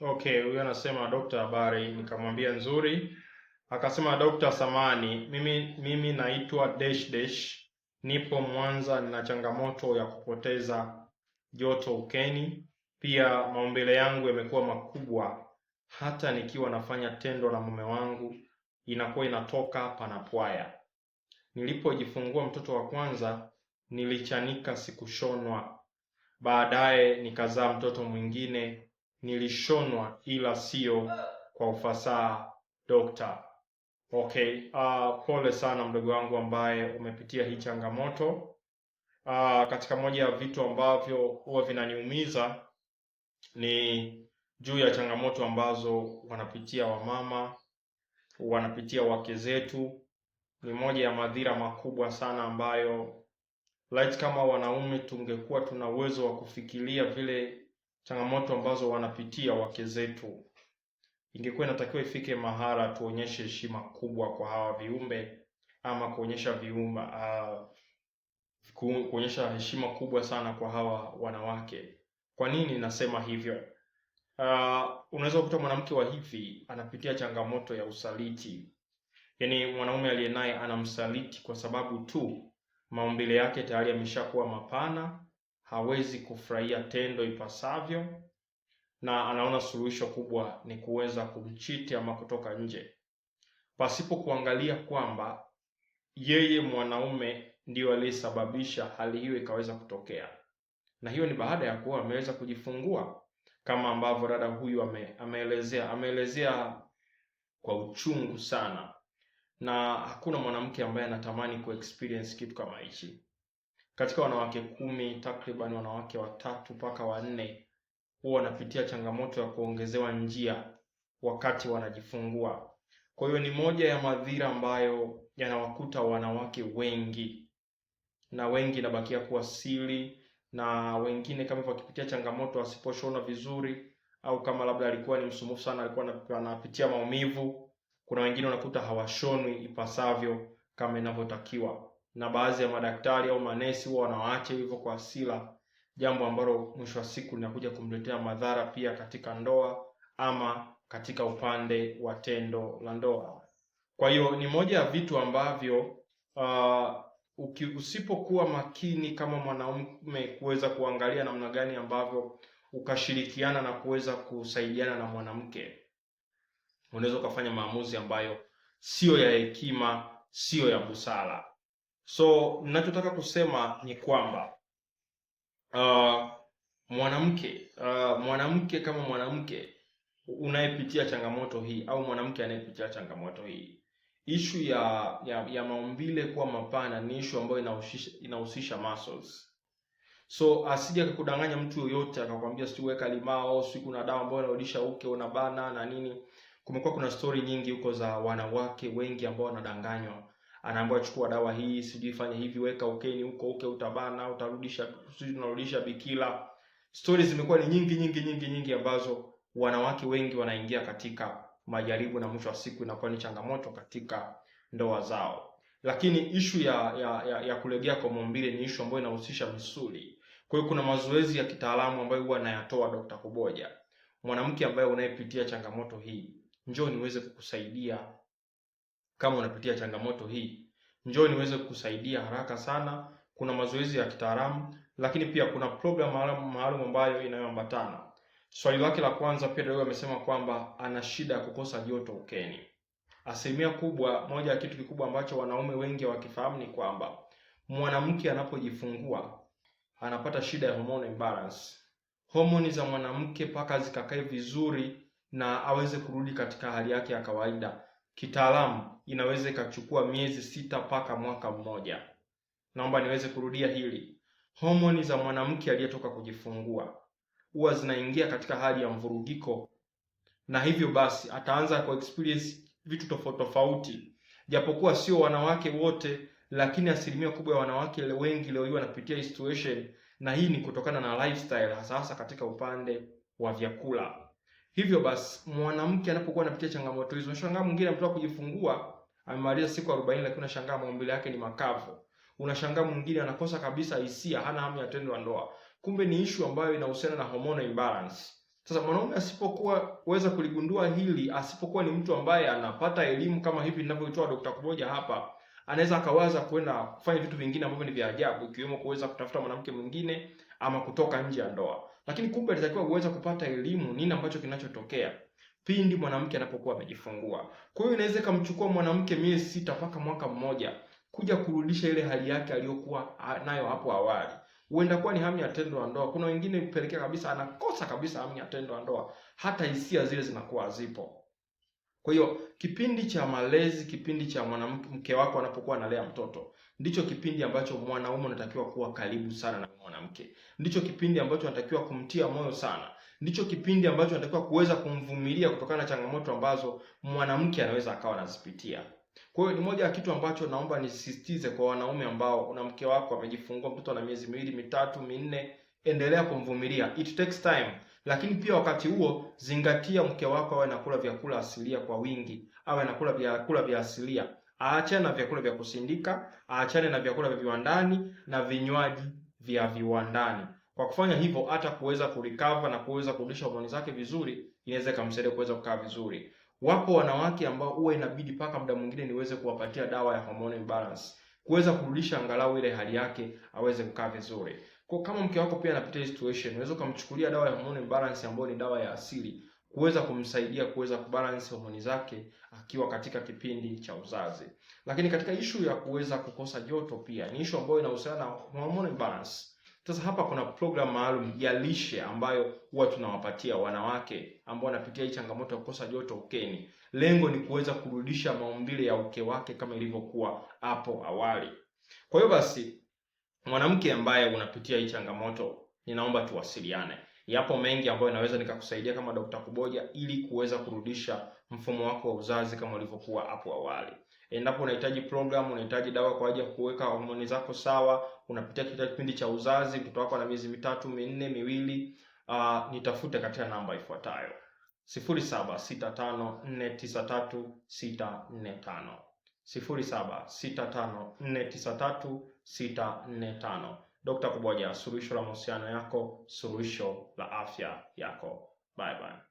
Okay, huyu anasema dokta, habari. Nikamwambia nzuri. Akasema dokta, samani mimi, mimi naitwa dash dash, nipo Mwanza, nina changamoto ya kupoteza joto ukeni, pia maumbile yangu yamekuwa makubwa, hata nikiwa nafanya tendo la mume wangu inakuwa inatoka panapwaya. Nilipojifungua mtoto wa kwanza nilichanika, sikushonwa. Baadaye nikazaa mtoto mwingine nilishonwa ila sio kwa ufasaha dokta. Okay, uh, pole sana mdogo wangu ambaye umepitia hii changamoto. Uh, katika moja ya vitu ambavyo huwa vinaniumiza ni juu ya changamoto ambazo wanapitia wamama, wanapitia wake zetu. Ni moja ya madhira makubwa sana ambayo laiti kama wanaume tungekuwa tuna uwezo wa kufikiria vile changamoto ambazo wanapitia wake zetu. Ingekuwa inatakiwa ifike mahala tuonyeshe heshima kubwa kwa hawa viumbe ama kuonyesha viumba uh, kuonyesha heshima kubwa sana kwa hawa wanawake. Kwa nini nasema hivyo? Uh, unaweza kukuta mwanamke wa hivi anapitia changamoto ya usaliti, yaani mwanaume aliye naye anamsaliti kwa sababu tu maumbile yake tayari yameshakuwa mapana hawezi kufurahia tendo ipasavyo, na anaona suluhisho kubwa ni kuweza kumchiti ama kutoka nje, pasipo kuangalia kwamba yeye mwanaume ndiyo aliyesababisha hali hiyo ikaweza kutokea, na hiyo ni baada ya kuwa ameweza kujifungua, kama ambavyo dada huyu ame, ameelezea ameelezea kwa uchungu sana, na hakuna mwanamke ambaye anatamani kuexperience kitu kama hichi katika wanawake kumi takriban wanawake watatu mpaka wanne huwa wanapitia changamoto ya kuongezewa njia wakati wanajifungua. Kwa hiyo ni moja ya madhira ambayo yanawakuta wanawake wengi, na wengi inabakia kuwa siri, na wengine kama hivyo wakipitia changamoto asiposhona vizuri, au kama labda alikuwa ni msumbufu sana, alikuwa anapitia maumivu. Kuna wengine unakuta hawashonwi ipasavyo kama inavyotakiwa na baadhi ya madaktari au manesi huwa wanawaacha hivyo kwa hasira, jambo ambalo mwisho wa siku linakuja kumletea madhara pia katika ndoa ama katika upande wa tendo la ndoa. Kwa hiyo ni moja ya vitu ambavyo uh, usipokuwa makini kama mwanaume kuweza kuangalia namna gani ambavyo ukashirikiana na kuweza kusaidiana na mwanamke, unaweza ukafanya maamuzi ambayo siyo ya hekima, siyo ya busara. So ninachotaka kusema ni kwamba uh, mwanamke uh, mwanamke kama mwanamke unayepitia changamoto hii au mwanamke anayepitia changamoto hii, ishu ya ya, ya maumbile kuwa mapana ni ishu ambayo inahusisha, inahusisha muscles. So asije akakudanganya mtu yoyote akakwambia sijui weka limao, sijui kuna dawa ambayo inarudisha uke unabana na nini. Kumekuwa kuna story nyingi huko za wanawake wengi ambao wanadanganywa anaambiwa chukua dawa hii, sijui fanya hivi, weka ukeni huko, uke utabana, utarudisha, sijui tunarudisha bikila. Stori zimekuwa ni nyingi nyingi nyingi nyingi ambazo wanawake wengi wanaingia katika majaribu na mwisho wa siku inakuwa ni changamoto katika ndoa zao. Lakini ishu ya, ya, ya, ya kulegea kwa maumbile ni ishu ambayo inahusisha misuli. Kwa hiyo kuna mazoezi ya kitaalamu ambayo huwa anayatoa Dr. Kuboja. Mwanamke ambaye unayepitia changamoto hii, njoo niweze kukusaidia kama unapitia changamoto hii, njoo niweze kukusaidia haraka sana. Kuna mazoezi ya kitaalamu, lakini pia kuna program maalum ambayo inayoambatana. Swali lake la kwanza, Pedro amesema kwamba ana shida ya kukosa joto ukeni. Asilimia kubwa, moja ya kitu kikubwa ambacho wanaume wengi hawakifahamu ni kwamba mwanamke anapojifungua anapata shida ya hormone imbalance. Homoni za mwanamke mpaka zikakae vizuri na aweze kurudi katika hali yake ya kawaida kitaalamu inaweza ikachukua miezi sita mpaka mwaka mmoja. Naomba niweze kurudia hili. Homoni za mwanamke aliyetoka kujifungua huwa zinaingia katika hali ya mvurugiko, na hivyo basi ataanza ku experience vitu tofauti tofauti, japokuwa sio wanawake wote, lakini asilimia kubwa ya wanawake wengi leo hii wanapitia situation, na hii ni kutokana na lifestyle, hasa hasa katika upande wa vyakula. Hivyo basi mwanamke anapokuwa anapitia changamoto hizo, unashangaa mwingine ametoka kujifungua amemaliza siku 40, lakini unashangaa maumbile yake ni makavu. Unashangaa mwingine anakosa kabisa hisia, hana hamu ya tendo la ndoa. Kumbe ni ishu ambayo inahusiana na hormone imbalance. Sasa mwanaume asipokuwa weza kuligundua hili, asipokuwa ni mtu ambaye anapata elimu kama hivi ninavyoitoa Dr. Kuboja hapa anaweza akawaza kwenda kufanya vitu vingine ambavyo ni vya ajabu, ikiwemo kuweza kutafuta mwanamke mwingine ama kutoka nje ya ndoa. Lakini kumbe alitakiwa kuweza kupata elimu nini ambacho kinachotokea pindi mwanamke anapokuwa amejifungua. Kwa hiyo inaweza ikamchukua mwanamke miezi sita mpaka mwaka mmoja kuja kurudisha ile hali yake aliyokuwa nayo hapo awali. Huenda kuwa ni hamu ya tendo la ndoa. Kuna wengine kupelekea kabisa anakosa kabisa hamu ya tendo la ndoa, hata hisia zile zinakuwa zipo. Kwa hiyo kipindi cha malezi, kipindi cha mwanamke mke wako anapokuwa analea mtoto, ndicho kipindi ambacho mwanaume unatakiwa kuwa karibu sana na mwanamke, ndicho kipindi ambacho anatakiwa kumtia moyo sana, ndicho kipindi ambacho anatakiwa kuweza kumvumilia kutokana na changamoto ambazo mwanamke anaweza akawa anazipitia. Kwa hiyo ni moja ya kitu ambacho naomba nisisitize kwa wanaume ambao una mke wako amejifungua mtoto na miezi miwili mitatu minne, endelea kumvumilia. It takes time. Lakini pia wakati huo zingatia mke wako awe anakula vyakula asilia kwa wingi, awe anakula vyakula vya asilia, aachane na vyakula vya kusindika, aachane na vyakula vya viwandani na vinywaji vya viwandani. Kwa kufanya hivyo, hata kuweza kurecover na kuweza kurudisha homoni zake vizuri, inaweza ikamsaidia kuweza kukaa vizuri. Wapo wanawake ambao huwa inabidi mpaka muda mwingine niweze kuwapatia dawa ya hormone balance kuweza kurudisha angalau ile hali yake aweze kukaa vizuri. Kwa kama mke wako pia anapitia situation, unaweza ukamchukulia dawa ya hormone balance ambayo ni dawa ya asili kuweza kumsaidia kuweza kubalance homoni zake akiwa katika kipindi cha uzazi. Lakini katika ishu ya kuweza kukosa joto pia ni ishu ambayo inahusiana na hormone balance. Sasa hapa kuna program maalum ya lishe ambayo huwa tunawapatia wanawake ambao wanapitia hii changamoto ya kukosa joto ukeni. Lengo ni kuweza kurudisha maumbile ya uke wake kama ilivyokuwa hapo awali. Kwa hiyo basi mwanamke ambaye unapitia hii changamoto, ninaomba tuwasiliane. Yapo mengi ambayo naweza nikakusaidia kama Dr. Kuboja ili kuweza kurudisha mfumo wako wa uzazi kama ulivyokuwa hapo awali. Endapo unahitaji program, unahitaji dawa kwa ajili ya kuweka homoni zako sawa, unapitia kipindi cha uzazi, mtoto wako ana miezi mitatu, minne, miwili, uh, nitafute katika namba ifuatayo: 0765493645, 0765493645 645. Dr. Kuboja, suluhisho la mahusiano yako, suluhisho la afya yako. Bye bye.